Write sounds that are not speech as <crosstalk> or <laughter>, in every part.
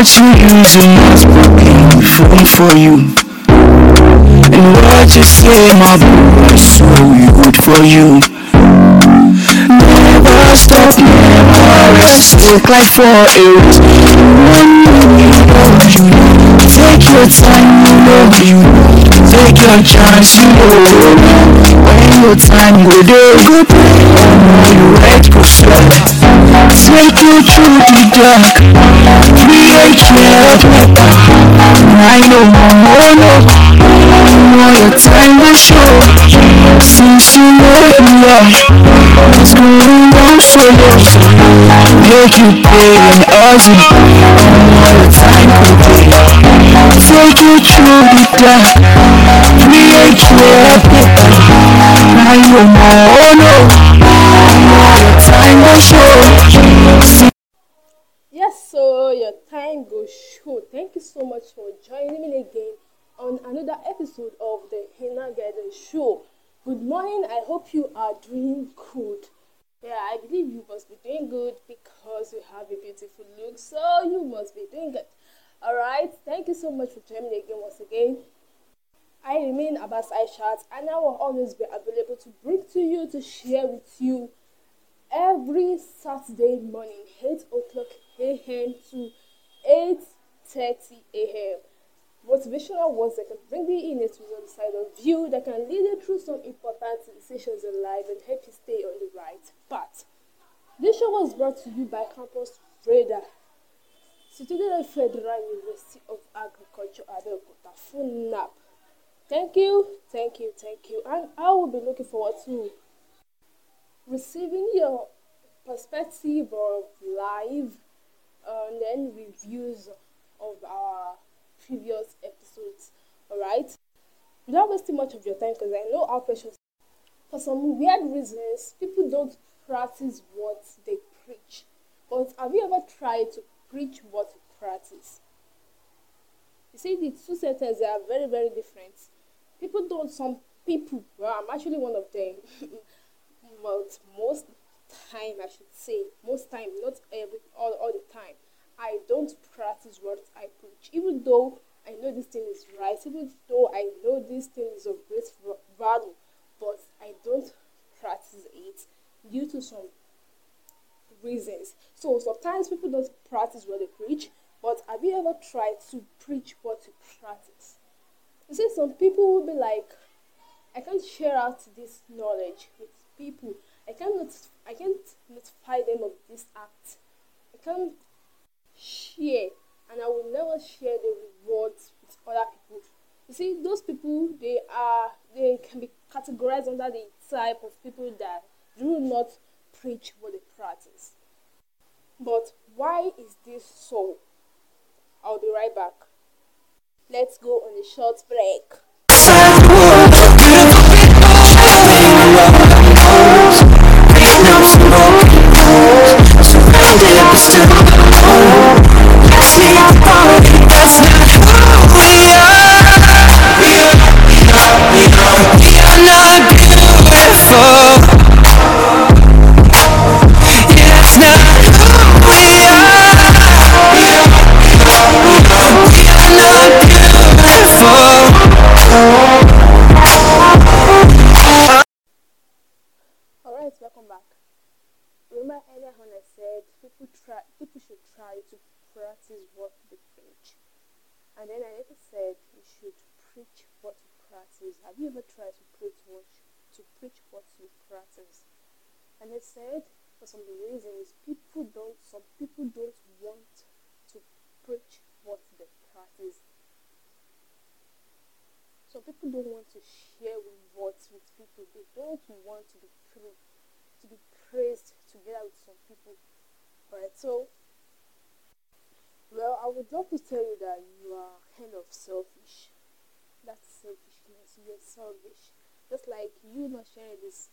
what you use? as my pain, falling for you. And what you say, my boy, is so good for you. Never stop, never rest, take life for it. when You know, you know, take your time, you know, you take your chance, you know. When your time go there, go back, you red, go slow. Take you through the dark. I don't know, no All time will show Since you know who It's going on for you Make you pay and us All your time to be Take you through the dark Create care of me I know, oh no All your time will show so your time goes short. Thank you so much for joining me again on another episode of the Hina Garden Show. Good morning. I hope you are doing good. Yeah, I believe you must be doing good because you have a beautiful look, so you must be doing good. All right. Thank you so much for joining me again once again. I remain Abbas Aishat, and I will always be available to bring to you to share with you every Saturday morning, eight o'clock a.m. to 8.30 a.m. Motivational words that can bring you in a twist side of view that can lead you through some important decisions in life and help you stay on the right path. This show was brought to you by Campus Radar. Situated at Federal University of Agriculture, Abeokuta, FUNAP. Thank you, thank you, thank you. And I will be looking forward to receiving your perspective of life and then reviews of our previous episodes. Alright? Without wasting much of your time because I know how precious for some weird reasons people don't practice what they preach. But have you ever tried to preach what you practice? You see the two sentences are very, very different. People don't some people well I'm actually one of them <laughs> but most time I should say most time not every all, all the time I don't practice what I preach even though I know this thing is right even though I know this thing is of great value but I don't practice it due to some reasons so sometimes people don't practice what they preach but have you ever tried to preach what you practice you see some people will be like I can't share out this knowledge with people. I cannot I can't notify them of this act. I can't share, and I will never share the rewards with other people. You see, those people they are they can be categorized under the type of people that do not preach what they practice. But why is this so? I'll be right back. Let's go on a short break. is what they preach. And then I ever said you should preach what you practice. Have you ever tried to preach what you, to preach what you practice? And they said for some reasons people don't some people don't want to preach what they practice. Some people don't want to share what with people. They don't want to be praised, to be praised together with some people. Right, so well, I would love to tell you that you are kind of selfish. That's selfishness. You're selfish. Just like you not sharing this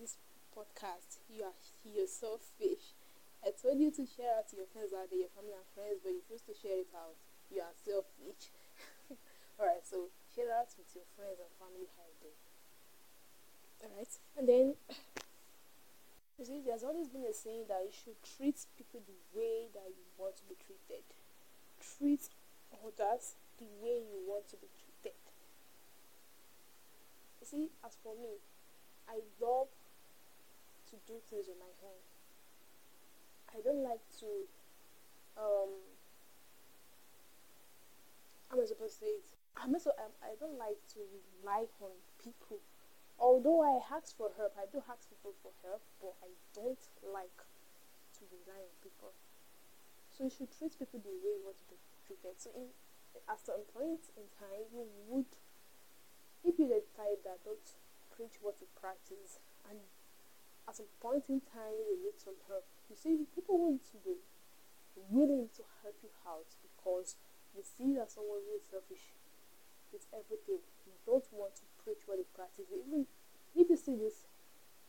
this podcast, you are you're selfish. I told you to share out to your friends out there, your family and friends, but you refuse to share it out. You are selfish. <laughs> Alright, so share out with your friends and family out there. Alright, and then you see, there's always been a saying that you should treat people the way that you want to be treated. Treat others the way you want to be treated. You see, as for me, I love to do things on my own. I don't like to, um, how am I supposed to say it? I'm also, I'm, I don't like to rely on people. Although I ask for help, I do ask people for help don't like to rely on people. So you should treat people the way you want to be treated. So in, at some point in time, you would, if you decide that don't preach what you practice, and at some point in time you need some help, you see people want to be willing to help you out because you see that someone who is selfish with everything. You don't want to preach what you practice. Even if you see this,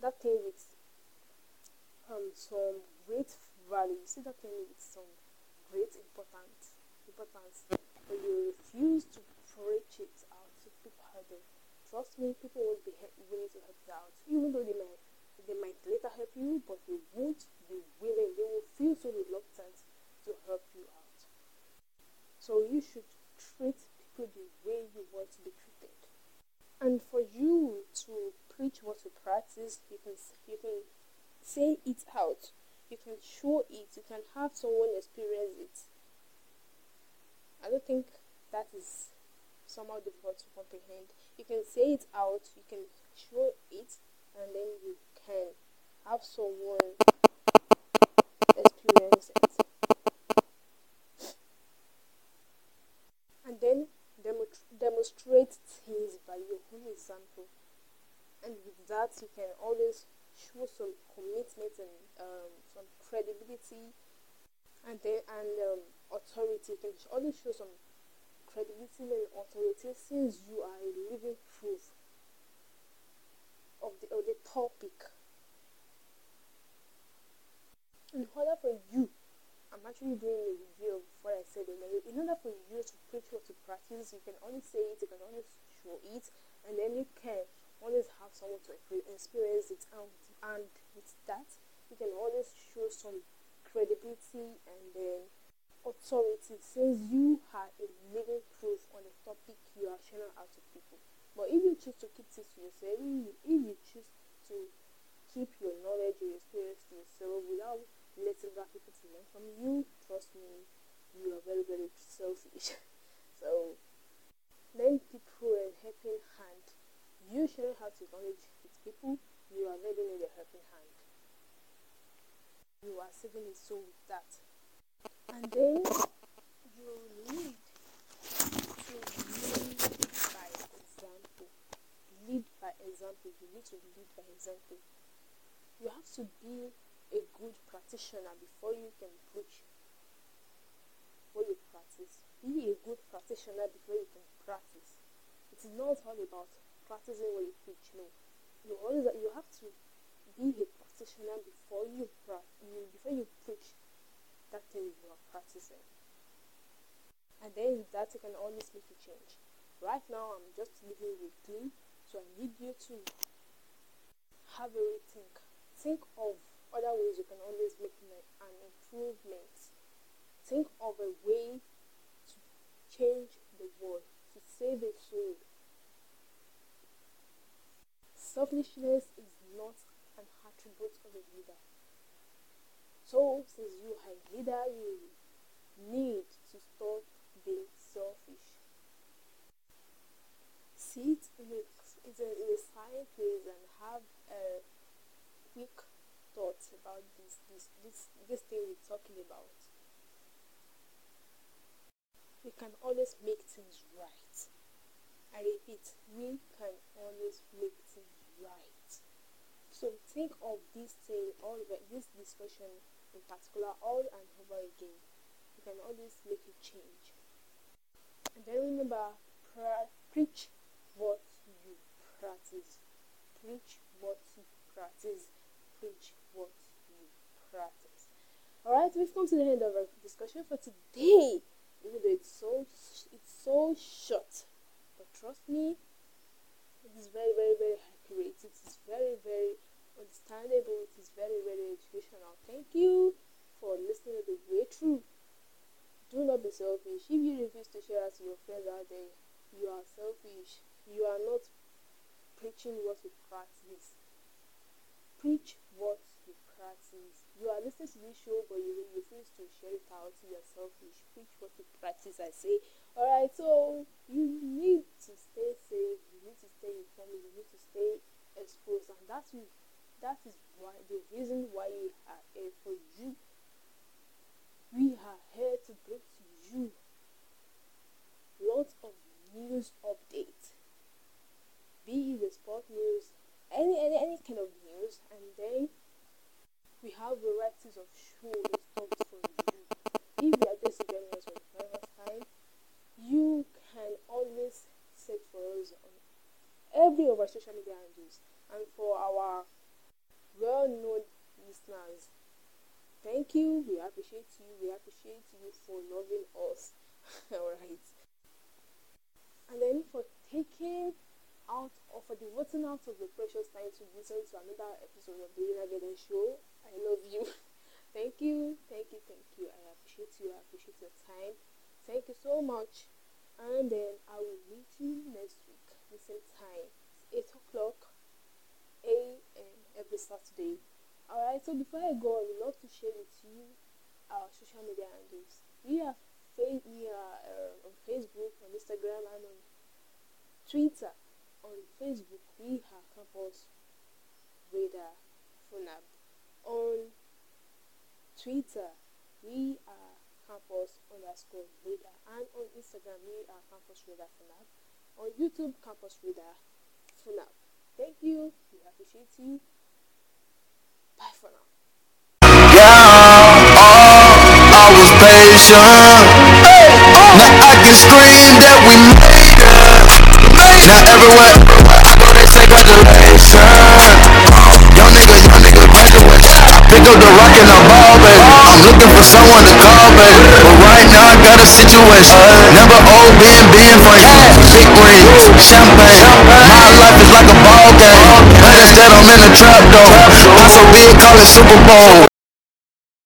that thing with um, some great value. You See that thing with some great importance, importance, but you refuse to preach it out to people out there. Trust me, people won't be willing to help you out, even though they might they might later help you, but they won't be someone experience it. I don't think that is somehow difficult to comprehend. You can say it out, you can show it, and then you can have someone experience it. And then demonstrate things by your own example. And with that, you can always show some commitment and um, some credibility and they, and um, authority. can only show some credibility and authority since you are a living proof of the, of the topic. In order for you, I'm actually doing a review of what I said earlier. In order for you to preach or to practice, you can only say it, you can only show it, and then you can always have someone to experience it. And, and with that, you can always show some credibility and then authority since you are a living proof on the topic you are sharing out to people. But if you choose to keep this to yourself, if you, if you choose to keep your knowledge and your experience to yourself without letting other people to learn from you, trust me, you are very so that and then you need to lead by example lead by example you need to lead by example you have to be a good practitioner before you can preach Before you practice be a good practitioner before you can practice it's not all about practicing what you preach no you always you have to be a practitioner before you, you before you preach that thing you are practicing. And then that can always make a change. Right now I'm just living with gloom, so I need you to have a rethink. Think of other ways you can always make an improvement. Think of a way to change the world, to save a soul. Selfishness is not attributes of a leader. So, since you are a leader, you need to stop being selfish. Sit in a, in a, in silent place and have a quick thoughts about this, this, this, this thing we're talking about. We can always make things right. I repeat, we can always make things right. So think of this tale, all this discussion in particular all and over again. You can always make a change. And then remember, pra- preach what you practice. Preach what you practice. Preach what you practice. Alright, we've come to the end of our discussion for today. Even though it's so it's so short. But trust me, it is very, very, very accurate. It is very, very understandable. It is very, very educational. Thank you for listening to the way through. Do not be selfish. If you refuse to share us your friends out there, you are selfish. You are not preaching what you practice. Preach what you practice. You are listening to this show, but you refuse to share it out. You are selfish. Preach what you practice. I say. All right. So you need to stay safe. You need to stay informed. You need to stay exposed, and that's you. That is why the reason why we are here for you. We are here to thank you. We appreciate you. We appreciate you for loving us. <laughs> All right. And then for taking out or for devoting out of the precious time to listen to another episode of the Inner Garden Show. I love you. <laughs> thank you, thank you, thank you. I appreciate you. I appreciate your time. Thank you so much. And then I will meet you next week, the same time, it's eight o'clock a.m. every Saturday. Alright, so before I go on, we'd love to share with you our social media handles. We are, fa- we are uh, on Facebook, on Instagram, and on Twitter. On Facebook, we have Campus Radar Funab. On Twitter, we are Campus underscore Radar. And on Instagram, we are Campus Radar Funab. On YouTube, Campus Radar Funab. Thank you. We appreciate you. Bye for now. Yeah, oh, I was patient. Hey, oh. Now I can scream that we made it. Made now everywhere, everywhere they say congratulations. young nigga, young nigga, graduate. I pick up the rock and I'm ballin'. I'm looking for someone to of the situation. Never old Ben Ben for him. Big rings, champagne. My life is like a ball game. But instead I'm in the trap though. I so big, call it Super Bowl.